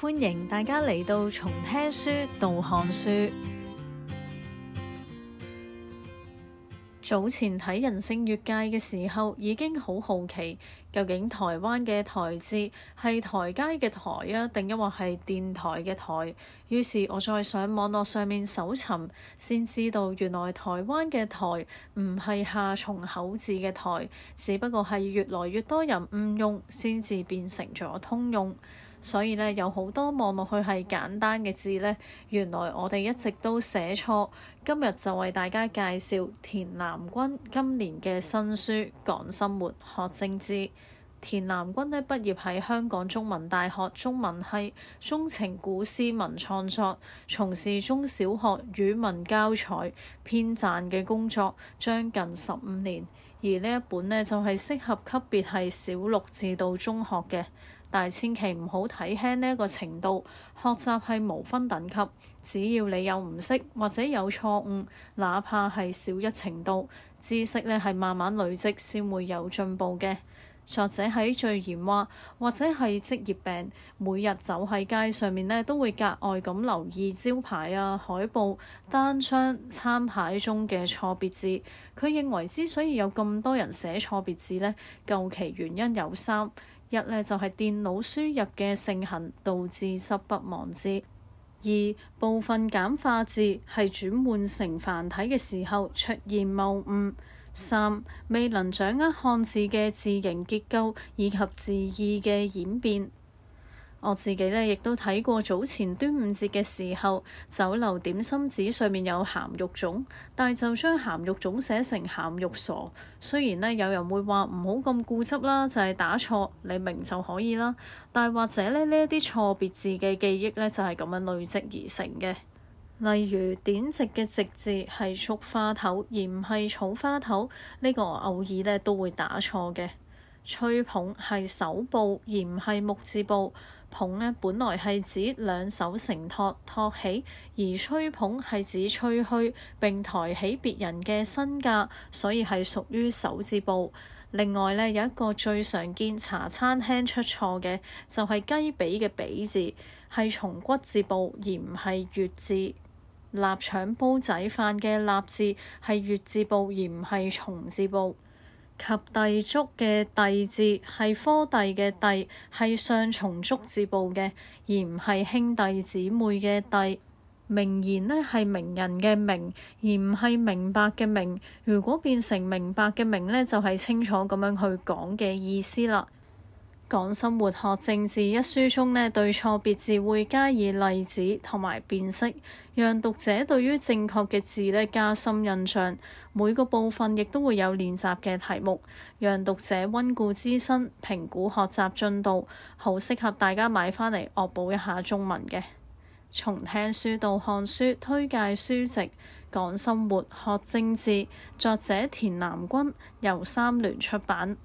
歡迎大家嚟到從聽書到看書。早前睇《人性越界》嘅時候，已經好好奇究竟台灣嘅台字係台階嘅台啊，定抑或係電台嘅台？於是我再上網絡上面搜尋，先知道原來台灣嘅台唔係下從口字嘅台，只不過係越來越多人誤用，先至變成咗通用。所以咧，有好多望落去係簡單嘅字咧，原來我哋一直都寫錯。今日就為大家介紹田南君今年嘅新書《講生活學正字》。田南君呢畢業喺香港中文大學中文系，鍾情古詩文創作，從事中小學語文教材編撰嘅工作將近十五年。而呢一本呢，就係、是、適合級別係小六至到中學嘅，但係千祈唔好睇輕呢一個程度。學習係無分等級，只要你有唔識或者有錯誤，哪怕係小一程度，知識呢係慢慢累積先會有進步嘅。作者喺序言話，或者係職業病，每日走喺街上面咧，都會格外咁留意招牌啊、海報、單張、餐牌中嘅錯別字。佢認為之所以有咁多人寫錯別字呢，究其原因有三：一呢就係電腦輸入嘅盛行導致執筆忘字；二，部分簡化字係轉換成繁體嘅時候出現謬誤。三，未能掌握漢字嘅字形結構以及字意嘅演變。我自己呢亦都睇過，早前端午節嘅時候，酒樓點心紙上面有鹹肉粽，但係就將鹹肉粽寫成鹹肉傻。雖然呢，有人會話唔好咁固執啦，就係、是、打錯你明就可以啦。但係或者呢，呢一啲錯別字嘅記憶呢，就係、是、咁樣累積而成嘅。例如，典籍嘅籍字係束花頭而唔係草花頭，呢、這個偶爾咧都會打錯嘅。吹捧係手部而唔係木字部。捧呢本來係指兩手承托托起，而吹捧係指吹噓並抬起別人嘅身價，所以係屬於手字部。另外呢，有一個最常見茶餐廳出錯嘅就係雞髀嘅髀字係從骨字部而唔係月字。臘腸煲仔飯嘅臘字係月字部，而唔係蟲字部。及第粥嘅第字係科第嘅第，係上從竹字部嘅，而唔係兄弟姊妹嘅弟。名言呢係名人嘅名，而唔係明白嘅明。如果變成明白嘅明呢，就係、是、清楚咁樣去講嘅意思啦。港生活學政治一書中呢，對錯別字會加以例子同埋辨識，讓讀者對於正確嘅字呢加深印象。每個部分亦都會有練習嘅題目，讓讀者溫故知新，評估學習進度，好適合大家買翻嚟惡補一下中文嘅。從聽書到看書，推介書籍《港生活學政治》，作者田南君，由三聯出版。